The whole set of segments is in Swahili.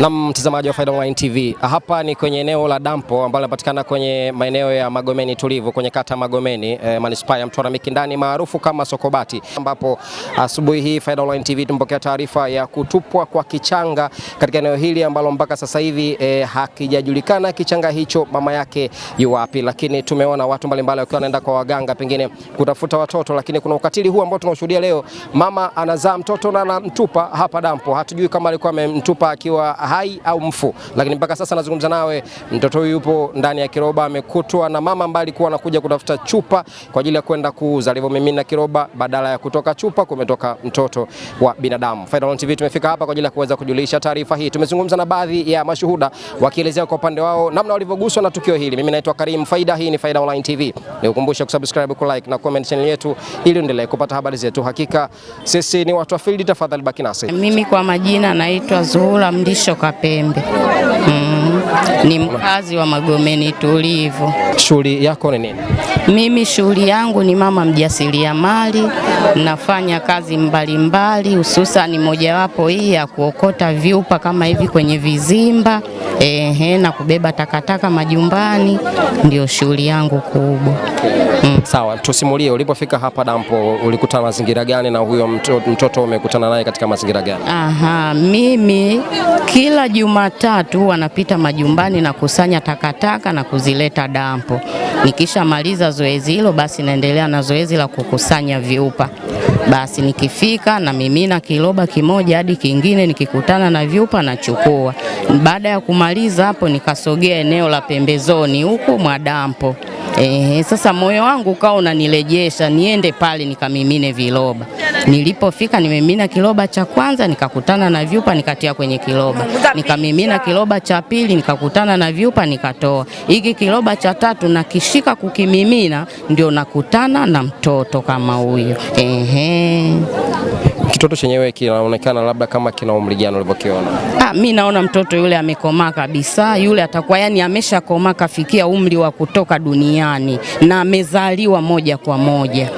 Na mtazamaji wa Faida Online TV, hapa ni kwenye eneo la dampo ambalo linapatikana kwenye maeneo ya Magomeni tulivu kwenye kata Magomeni eh, manispaa ya Mtwara Mikindani maarufu kama Sokobati, ambapo asubuhi hii Faida Online TV tumepokea taarifa ya kutupwa kwa kichanga katika eneo hili ambalo mpaka sasa hivi eh, hakijajulikana kichanga hicho mama yake yu wapi, lakini tumeona watu mbalimbali wakiwa wanaenda kwa waganga pengine kutafuta watoto, lakini kuna ukatili huu ambao tunaoshuhudia leo. Mama anazaa mtoto na anamtupa hapa dampo, hatujui kama alikuwa amemtupa akiwa hai au mfu, lakini mpaka sasa nazungumza nawe, mtoto huyu yupo ndani ya kiroba, amekutwa na mama ambaye alikuwa anakuja kutafuta chupa kwa ajili ya kwenda kuuza. Alivyomimina kiroba, badala ya kutoka chupa kumetoka mtoto wa binadamu. Final TV tumefika hapa kwa ajili ya kuweza kujulisha taarifa hii. Tumezungumza na baadhi ya mashuhuda wakielezea kwa upande wao namna walivyoguswa na tukio hili. Mimi naitwa Karim Faida, hii ni Faida Online TV. Nikukumbusha kusubscribe, ku like na comment channel yetu ili uendelee kupata habari zetu. Hakika sisi ni watu wa field, tafadhali baki nasi. Mimi kwa majina naitwa Zuhura Mdisho kwa Pembe. Mm. Ni mkazi wa Magomeni tulivu. Shughuli yako ni nini? Mimi shughuli yangu ni mama mjasiriamali, nafanya kazi mbalimbali, hususani mojawapo hii ya kuokota vyupa kama hivi kwenye vizimba ehe, na kubeba takataka majumbani, ndio shughuli yangu kubwa mm. Sawa, tusimulie ulipofika hapa dampo, ulikutana mazingira gani na huyo mtoto, mtoto umekutana naye katika mazingira gani? Aha, mimi kila Jumatatu wanapita majumbani na kusanya takataka na kuzileta dampo. Nikishamaliza zoezi hilo, basi naendelea na zoezi la kukusanya vyupa. Basi nikifika na mimina kiloba kimoja hadi kingine, nikikutana na vyupa nachukua. Baada ya kumaliza hapo, nikasogea eneo la pembezoni huko mwa dampo. Ehe, sasa moyo wangu ukawa unanirejesha niende pale nikamimine viroba. Nilipofika nimemina kiroba cha kwanza, nikakutana na vyupa, nikatia kwenye kiroba, nikamimina kiroba cha pili, nikakutana na vyupa, nikatoa hiki kiroba cha tatu, nakishika kukimimina, ndio nakutana na mtoto kama huyo. Ehe. Kitoto chenyewe kinaonekana labda kama kina umri gani ulivyokiona? Ah, mi naona mtoto yule amekomaa kabisa, yule atakuwa yani ameshakomaa kafikia umri wa kutoka duniani na amezaliwa moja kwa moja.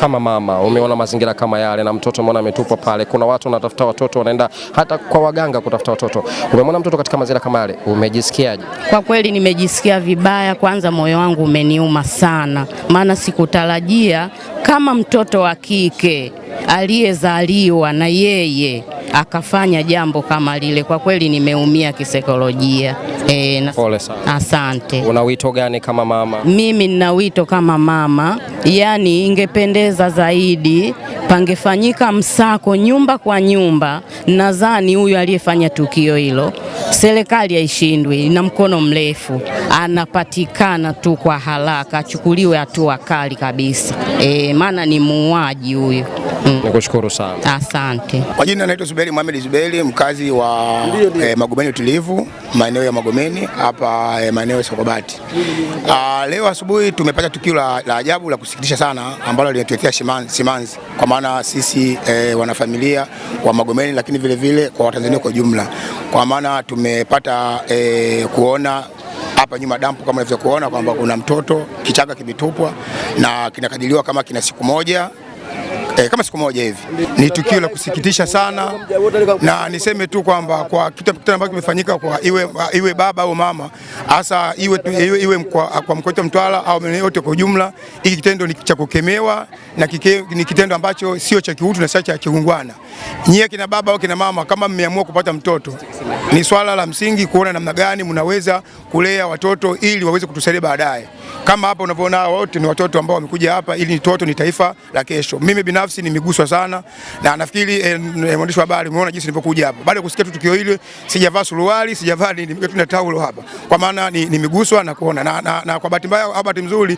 Kama mama umeona mazingira kama yale na mtoto umeona ametupwa pale, kuna watu wanatafuta watoto, wanaenda hata kwa waganga kutafuta watoto. Umemwona mtoto katika mazingira kama yale, umejisikiaje? Kwa kweli nimejisikia vibaya, kwanza moyo wangu umeniuma sana, maana sikutarajia kama mtoto wa kike aliyezaliwa na yeye akafanya jambo kama lile, kwa kweli nimeumia kisaikolojia. E, na... pole sana. Asante. Una wito gani kama mama? Mimi nina wito kama mama, yani ingependeza zaidi pangefanyika msako nyumba kwa nyumba. Nadhani huyu aliyefanya tukio hilo serikali haishindwi, na mkono mrefu anapatikana tu kwa haraka, achukuliwe hatua kali kabisa. E, maana ni muuaji huyu mm. Nakushukuru sana asante. Kwa jina naitwa Zuberi Mohamed Zuberi, mkazi wa eh, Magomeni Utulivu, maeneo ya Magomeni hapa eh, maeneo ya Sokobati. Ah, leo asubuhi tumepata tukio la, la ajabu la kusikitisha sana ambalo linatuletea simanzi kwa maana sisi eh, wanafamilia wa Magomeni, lakini vile vile kwa Watanzania kwa jumla, kwa maana tumepata eh, kuona hapa nyuma dampu kama unavyokuona kwamba kuna mtoto kichanga kimetupwa na kinakadiriwa kama kina siku moja E, kama siku moja hivi. Ni tukio la kusikitisha sana, na niseme tu kwamba kwa kitu ambacho kimefanyika kwa iwe, iwe baba au mama hasa iwe, iwe, iwe mkwa, kwa mkoa wa Mtwara au maeneo yote kwa ujumla, hiki kitendo ni cha kukemewa na kike, ni kitendo ambacho sio cha kiutu na sio cha kiungwana. Nyie kina baba au kina mama, kama mmeamua kupata mtoto, ni swala la msingi kuona namna gani mnaweza kulea watoto ili waweze kutusaidia baadaye. Kama hapa unavyoona, wote ni watoto ambao wamekuja hapa, ili ni toto ni taifa la kesho. Mimi binafsi binafsi nimeguswa sana na nafikiri eh, eh mwandishi wa habari umeona jinsi nilivyokuja hapa. Baada ya kusikia tu tukio hili, sijavaa suruali, sijavaa nimekuja tu taulo hapa, kwa maana nimeguswa na kuona na, na, na kwa bahati mbaya au bahati nzuri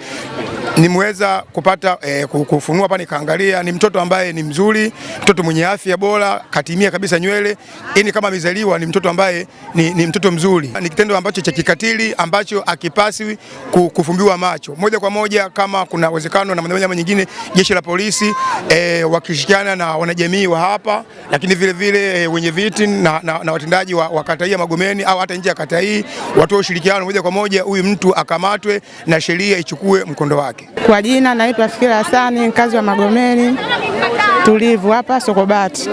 nimeweza kupata eh, kufunua hapa nikaangalia, ni mtoto ambaye ni mzuri, mtoto mwenye afya bora, katimia kabisa nywele, ini kama amezaliwa ni mtoto ambaye ni, ni mtoto mzuri. Ni kitendo ambacho cha kikatili ambacho akipasi kufumbiwa macho moja kwa moja. Kama kuna uwezekano na namna mwingine, jeshi la polisi eh, wakishirikiana na wanajamii wa hapa, lakini vile vile eh, wenye viti na, na, na watendaji wa, wa kata hii ya Magomeni au hata nje ya kata hii watoe ushirikiano moja kwa moja, huyu mtu akamatwe na sheria ichukue mkondo wake yake. Kwa jina naitwa Fikira Hasani, mkazi wa Magomeni tulivu hapa Sokobati.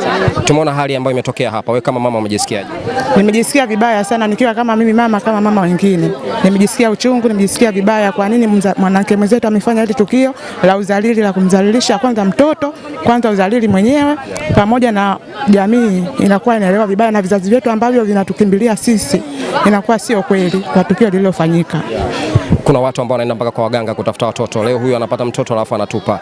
Tumeona hali ambayo imetokea hapa, wewe kama mama umejisikiaje? Nimejisikia vibaya sana, nikiwa kama mimi mama kama mama wengine, nimejisikia uchungu, nimejisikia vibaya. Kwa nini mwanamke mwenzetu amefanya hili tukio la uzalili la kumzalilisha kwanza mtoto, kwanza uzalili mwenyewe, pamoja na jamii inakuwa inaelewa vibaya, na vizazi vyetu ambavyo vinatukimbilia sisi, inakuwa sio kweli kwa tukio lililofanyika kuna watu ambao wanaenda mpaka kwa waganga kutafuta watoto. Leo huyu anapata mtoto alafu anatupa.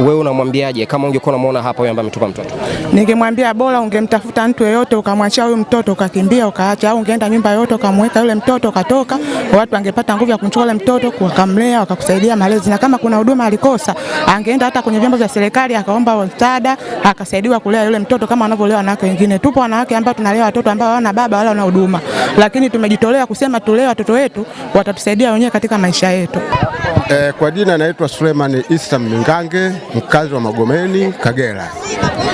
Wewe unamwambiaje kama ungekuwa unamuona hapa huyu ambaye ametupa mtoto? Ningemwambia bora ungemtafuta mtu yeyote ukamwachia huyu mtoto ukakimbia ukaacha, au ungeenda nyumba yoyote ukamweka yule mtoto ukatoka, watu wangepata nguvu ya kumchukua yule mtoto wakamlea wakakusaidia malezi, na kama kuna huduma alikosa angeenda hata kwenye vyombo vya serikali akaomba msaada akasaidiwa kulea yule mtoto kama wanavyolea wanawake wengine. Tupo wanawake ambao tunalea watoto ambao hawana baba wala wana huduma, lakini tumejitolea kusema tulee watoto wetu watatusaidia wenyewe katika katika maisha yetu. Eh, kwa jina naitwa Suleiman Isa Mingange, mkazi wa Magomeni, Kagera.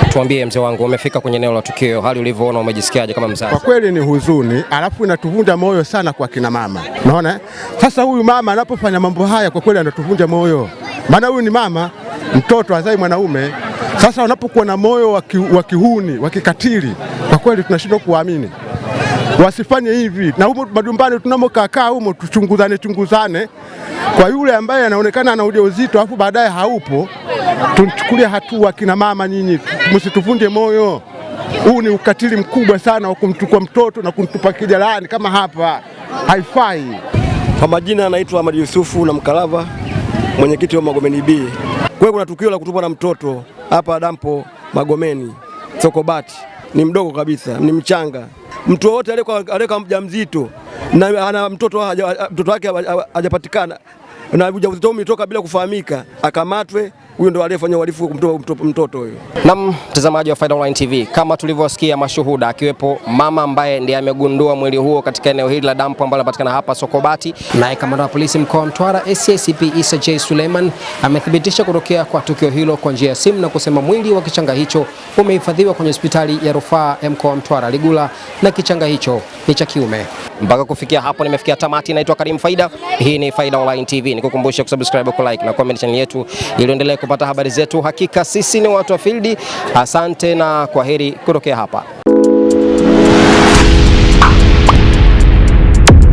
Tuambie mzee wangu, umefika kwenye eneo la tukio, hali ulivyoona umejisikiaje kama mzazi? Kwa kweli ni huzuni, alafu inatuvunja moyo sana kwa kina mama. Unaona sasa, huyu mama anapofanya mambo haya, kwa kweli anatuvunja moyo, maana huyu ni mama mtoto azai mwanaume. Sasa wanapokuwa na moyo wa kihuni wa kikatili, kwa kweli tunashindwa kuamini wasifanye hivi, na humo majumbani tunamokakaa humo tuchunguzane chunguzane, kwa yule ambaye anaonekana ana ujauzito afu baadaye haupo, tuchukulie hatua. Kina mama nyinyi, msituvunje moyo. Huu ni ukatili mkubwa sana wa kumchukua mtoto na kumtupa kijalani kama hapa, haifai. Kwa majina anaitwa Ahmad Yusufu na Mkalava, mwenyekiti wa Magomeni B. Kwa kuna tukio la kutupwa na mtoto hapa dampo Magomeni Sokobati, ni mdogo kabisa, ni mchanga mtu wowote aliyekuwa mjamzito na ana mtoto wake hajapatikana na ujauzito umetoka bila kufahamika, akamatwe huyo ndo aliyefanya uhalifu kumtoa mtoto huyo. Na mtazamaji wa Faida Online TV, kama tulivyosikia mashuhuda, akiwepo mama ambaye ndiye amegundua mwili huo katika eneo hili la dampo ambalo linapatikana hapa Sokobati, naye kamanda wa polisi mkoa wa Mtwara SACP Isa J Suleiman amethibitisha kutokea kwa tukio hilo kwa njia ya simu na kusema mwili wa kichanga hicho umehifadhiwa kwenye hospitali ya rufaa ya mkoa wa Mtwara Ligula, na kichanga hicho ni cha kiume. Mpaka kufikia hapo nimefikia tamati. Naitwa Karim Faida, hii ni Faida Online TV, nikukumbusha kusubscribe, kulike na comment channel yetu ili endelee kupata habari zetu. Hakika sisi ni watu wa Field. Asante na kwaheri kutokea hapa.